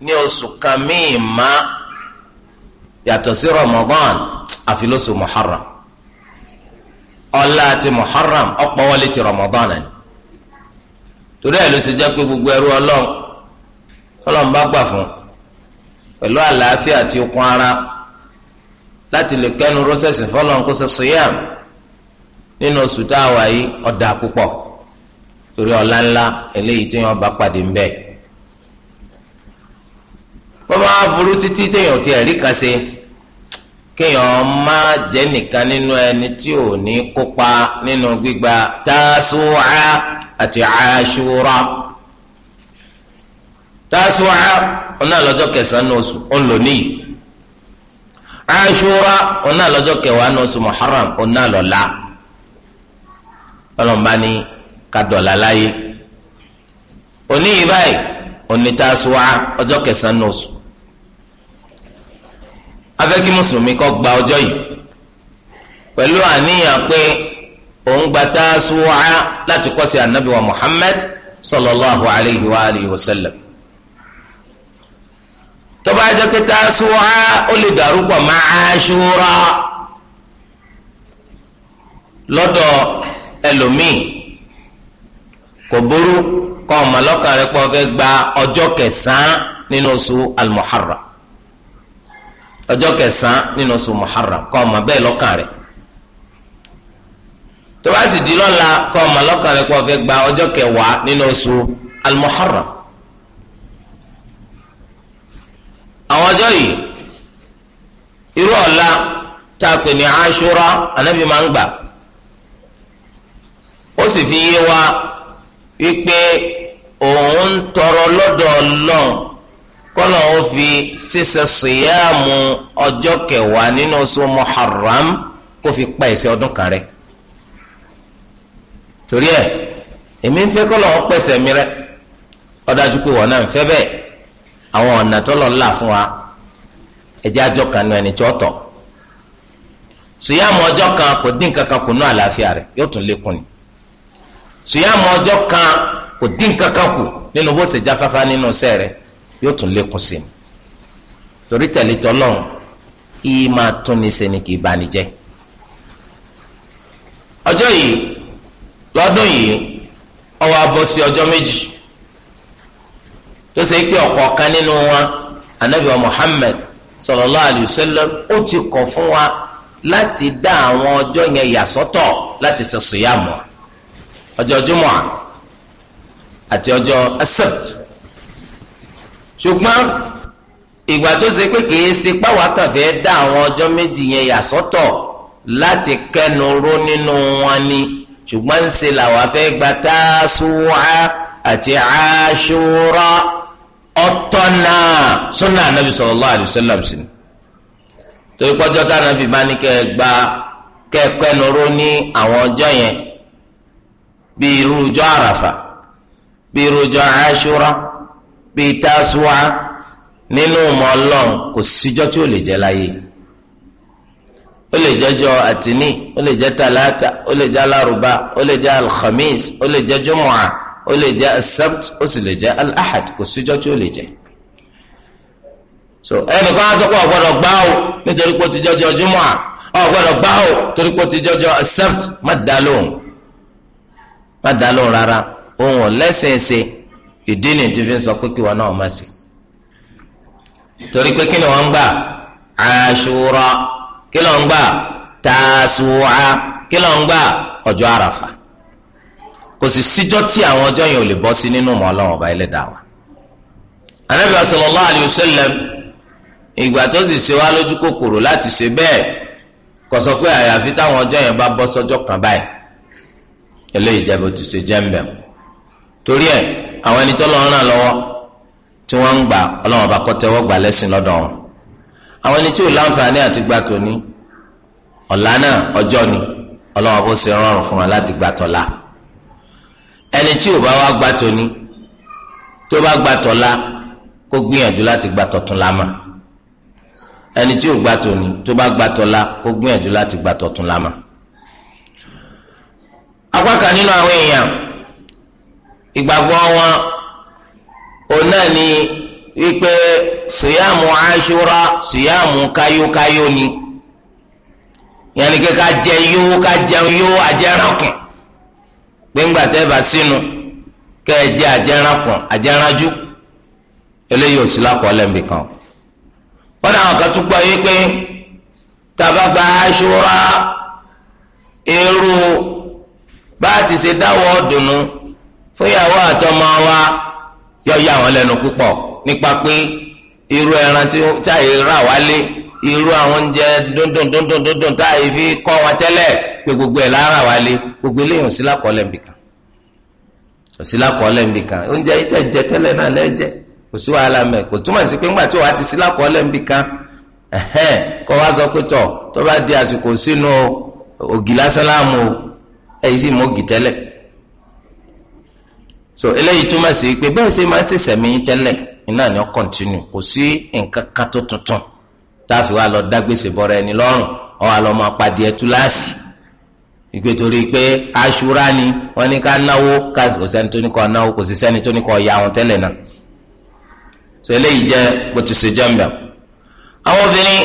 ní oṣù ma míì má yàtọ̀ sí Ramadan àfi lóṣù Muharram ọlá ti Muharram ọ̀pọ̀ wọlé ti Ramadan ni torí ẹ̀ ló ṣe jẹ́ pé gbogbo ẹrú ọlọ́run ọlọ́run bá gbà fún pẹ̀lú àlàáfíà àti ara láti lè kẹ́nu rọ́sẹ̀sì fọlọ́run kó ṣe siyam nínú oṣù tá wọ́n bá burú títí téèyàn ti ẹ̀rí kan ṣe kéèyàn má jẹ́ nìkan nínú ẹni tí ò ní kópa nínú gbígba tásùá àti àṣúra tásùá ọ̀nà lọ́jọ́ kẹsàn-án oṣù ọ̀n lò ọ̀nà lọ́jọ́ kẹwàá oṣù muharram ọ̀nà lọ́la ọlọ́mọba ni ká láyé báyìí ọjọ́ kẹsàn-án oṣù. afẹ́ kí mùsùlùmí kó gba ọjọ́ yìí pẹ̀lú àníyàn pé òun gba Tásúà láti kọ́ sí anabi wa Muhammad sallallahu alayhi wa alihi wa sallam tó bá jẹ́ pé Tásúà ó lè dàrúpọ̀ mọ́ Àṣúrà lọ́dọ̀ ẹlòmíì kò burú kọ́ ọmọ fẹ́ gba ọjọ́ kẹsàn-án nínú oṣù al-Muharram ọjọ́ kẹsàn-án nínú oṣù muharram kọ́ ọmọ bẹ́ẹ̀ lọ́kàn rẹ̀ tó bá sì di lọ́la kọ́ ọmọ lọ́kàn rẹ̀ kó o fẹ́ gba ọjọ́ kẹwàá nínú oṣù almuharram àwọn ọjọ́ yìí irú ọ̀la tá a pè ní aṣúra anábì máa ń gbà ó sì fi yé wa wípé òun ń tọrọ lọ́dọ̀ ọlọ́run kọ́nà ó fi ṣíṣe ṣìyàmù ọjọ́ kẹwàá nínú oṣù muharram kó fi pa ẹ̀ṣẹ̀ ọdún kan rẹ̀ torí ẹ̀ èmi ń fẹ́ kọ́nà ó pẹ̀sẹ̀ mi rẹ̀ ó dájú pé wọ́n náà ń fẹ́ bẹ́ẹ̀ àwọn ọ̀nà tọ́lọ̀ ńlá fún wa ẹ̀jẹ̀ àjọ kan náà ẹni tí ó tọ̀ ṣìyàmù kan kò dín kankan kù ní àlàáfíà rẹ̀ yóò tún lékún ni ṣìyàmù ọjọ́ kan kò dín kankan kù nínú bó ṣe jáfáfá nínú iṣẹ́ rẹ̀ yóò tún lékún sí i torí tẹ̀lé tọ́lọ́run yìí máa tún ní sẹ́ni kì í bani jẹ́ ọjọ́ yìí lọ́dún yìí ó wá sí ọjọ́ méjì tó ṣe pé ọ̀kọ̀ọ̀kan nínú wa anabi Muhammad sallallahu alayhi wa sallam ó ti kọ̀ fún wa láti dá àwọn ọjọ́ yẹn yà sọ́tọ̀ láti ṣe sùyàmù ọjọ́ jùmọ̀ àti ọjọ́ accept ṣùgbọ́n ìgbà tó ṣe pé kìí ṣe páwa kàn fẹ́ dá àwọn ọjọ́ méjì yẹn yà sọ́tọ̀ láti kẹnu ró nínú wọn ni ṣùgbọ́n ń ṣe làwa fẹ́ gba Tásúà àti Àṣúrà ọ̀tọ̀ náà súnà ànábì sallallahu alaihi wasallam ni torí pọ́jọ́ tá bá ní kẹ́ ẹ gba kẹ́ ẹ kẹnu ró ní àwọn ọjọ́ yẹn bí irú ọjọ́ àràfà bí irú ọjọ́ Àṣúrà bíi tasuwa nínú ìmọ̀ ọlọ́run kò síjọ́ tí ó lè jẹ́ láyé ó lè jẹ́jọ́ àtìní ó lè jẹ́ talata ó lè jẹ́ alárùbá ó lè jẹ́ alhamis ó lè jẹ́ jumua ó lè jẹ́ asabt ó sì lè jẹ́ alahad kò síjọ́ tí ó lè jẹ́ so ẹnìkan á sọ pé ọ̀gbọ́dọ̀ gbá o nítorí pé ó ti jọjọ jumua ọ̀gbọ́dọ̀ gbá o torí pé ó ti jọjọ asabt má dá lóhùn má dá lóhùn rárá ohun ọ̀lẹ́sìn ṣe ìdí ni ti fi ń sọ pé kí wọn náà má sí torí pé kí ni wọn ń gbà àṣùrọ kí ló ń gbà tàṣùwà kí ló ń gbà ọjọ́ àràfà kò sì síjọ́ tí àwọn ọjọ́ yẹn ò lè bọ́ sí nínú mọ ọba Ẹlẹ́dàá wa anabi sallallahu alayhi wa sallam ìgbà tó sì ṣe wá lójú kòkòrò láti ṣe bẹ́ẹ̀ kò sọ pé àyàfi táwọn ọjọ́ yẹn bá bọ́ sọ́jọ́ kan báyìí eléyìí jẹ bó ti ṣe jẹ ń bẹ̀rù torí ẹ̀ àwọn ẹni tó lọ ràn lọ́wọ́ tí wọ́n ń gbà Ọlọ́run bá kó tẹ́wọ́ gbà lẹ́sìn lọ́dọ̀ wọn àwọn ẹni tí ò láǹfààní àti gbà tòní ọ̀la náà ọjọ́ ni Ọlọ́run bó ṣe rọrùn fún wọn láti gbà tọ́la ẹni tí ò bá wá gbà tòní tó bá gbà tọ́la kó gbìyànjú láti gbà tọ̀tún lámà ẹni tí ò gbà tòní tó bá gbà tọ́la kó gbìyànjú láti gbà tọ̀tún lámà apá kan nínú àwọn èèyàn ìgbàgbọ́ wọn òun náà ni wípé sùyàmù aṣúra sùyàmù káyókáyó ni yẹnni kí ká jẹ yó ká jẹun yó ajẹrankùn gbẹngbà tẹ bá sínú kẹ ẹ jẹ ajẹrankùn ajẹranjú eléyìí òsì lákọọlẹ nbìkan wọn náà kàn tún gbọ́ wípé tabagba aṣúra irú bá a ti ṣe dáwọ́ dùnú. fúnyàwó àtọmọ wa yọ yà wọn lẹnu púpọ̀ nípa pé irú ẹran tí táyé rà wálé irú àwọn oúnjẹ dúndùn táyé fi kọ wọn tẹ́lẹ̀ gbogbo ẹ̀ lára wálé gbogbo eléyìí ò sí lákọọ́lẹ̀ nbìkan ò sí nbìkan oúnjẹ yìí jẹ náà kò sí wàhálà kò túmọ̀ sí pé ńgbà tí wàá ti sí nbìkan wá sọ pé so eléyìí túmọ̀ sí pé bẹ́ẹ̀ ṣe máa ń ṣẹ̀ṣẹ̀ mi tẹ́lẹ̀ iná ni ó kọ̀ntínú kò sí nǹkan tó tuntun tá a fi wá lọ dá gbèsè bọ́ra ọ wa lọ máa ẹ túláàsì ìgbé torí pé aṣúra ni wọ́n ní ká náwó kò sẹ́ni tó ní kọ́ náwó kò sí sẹ́ni tó ní kọ́ ya àwọn tẹ́lẹ̀ náà so eléyìí jẹ́ bó ti ṣe jẹ́ àwọn obìnrin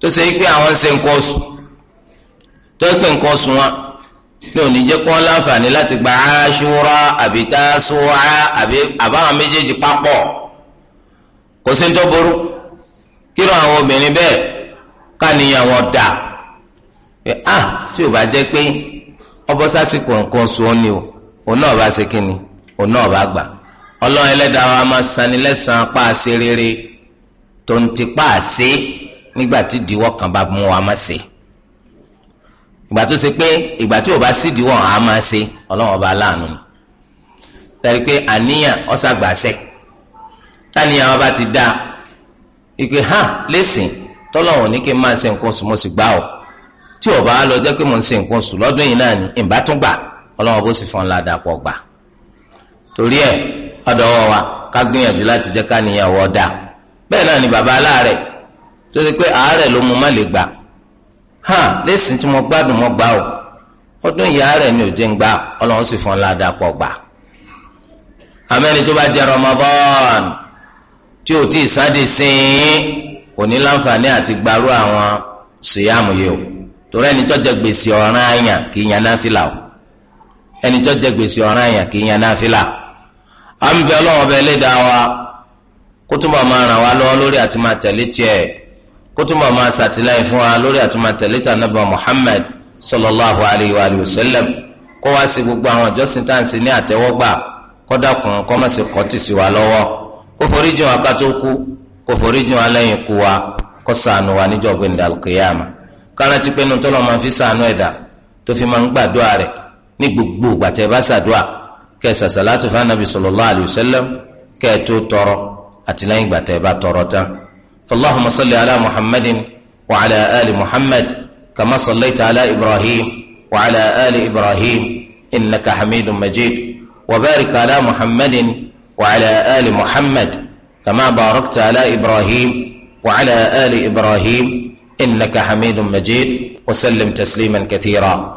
tó ṣe pé àwọn ń ṣe nǹkan oṣù ní òní jẹ́ kó láǹfààní láti gba aṣúra àbí tásúra àbí àbáwọn méjèèjì papọ̀ kò sí tó burú kírun àwọn obìnrin bẹ́ẹ̀ káníyàn wọn dà pé a ah, tí ò bá jẹ́ pé ọbọ̀ sásìkò nǹkan sùn ó ní o òun náà bá ṣe kínni òun náà bá gbà ọlọ́run ẹlẹ́dàá wa máa sani lẹ́sàn-án pa àṣẹ rere tó ń ti pa àṣẹ nígbà tí ìdíwọ́ kan bá mú wa máa ṣe ìgbà tó ṣe pé ìgbà tí ò bá sídìí wọn àá máa ṣe ọlọ́run ọba aláàánú ni tẹ̀lé pé àníyàn ọ̀sàgbàṣẹ́ táníyàn wọn ti dá ìpè hàn lẹ́sìn tọ́lọ́run ní kí n máa ṣe nǹkan oṣù mo sì gbá ọ tí ò bá lọ jẹ́ pé mo ń ṣe nǹkan oṣù lọ́dún yìí náà ni ìbá tún gbà ọlọ́run bó sì fọ́n ládàá pọ̀ gbà torí ẹ̀ ọ̀dọ̀ wọn wa ká gbìyànjú láti jẹ́ káníyàn wọ́n dá bẹ́ẹ̀ náà ni bàbá aláàrẹ̀ tó ṣe hàn lẹ́sìn tí mo gbádùn mo gbà o ọdún ìyá rẹ̀ ni ò jẹ́ ń gbà ọlọ́run sì fún ọ ládàá pọ̀ gbà. amẹ́ni tó bá jẹ Ramadan tí ò tí ì sáde sìn kò ní láǹfààní àti gbarú àwọn síyàmù yìí o torí ẹni tó jẹ gbèsè ọ̀ràn àyàn kì í yan náfìlà o ẹni tó jẹ gbèsè ọ̀ràn àyàn kì í yan náfìlà à ń bẹ ọlọ́run ọbẹ̀ ẹlẹ́dàá wa kó túbọ̀ máa ràn wá lọ́wọ́ lórí àti máa tẹ̀lé tiẹ̀ kó tún bọ̀ máa ṣàtìlẹ́yìn fún wa lórí àtúmọ̀ tẹ̀lé nàbà Muhammad sallallahu alayhi wa sallam kó wá sí gbogbo àwọn ìjọsìn tá à ń ṣe ní àtẹ́wọ́gbà kó dákun kó sí wa lọ́wọ́ kó forí jìn wá ká tó kú kó forí jìn wá lẹ́yìn ikú wa kó ṣàánú wa níjọ́ gbẹ̀ndà al-qiyama kárántí pé nùtọ́ lọ́ọ́ máa fi ṣàánú ẹ̀dá tó fi máa ń gbàdúrà rẹ̀ ní gbogbo gbàtẹ́ bá ṣàdúrà kẹ́ sàṣàlátù fún anabi sallallahu alayhi wa sallam kẹ́ tó tọrọ àtìlẹ́yìn gbàtẹ́ bá tọrọ tán. فاللهم صل على محمد وعلى آل محمد كما صليت على إبراهيم وعلى آل إبراهيم إنك حميد مجيد وبارك على محمد وعلى آل محمد كما باركت على إبراهيم وعلى آل إبراهيم إنك حميد مجيد وسلم تسليما كثيرا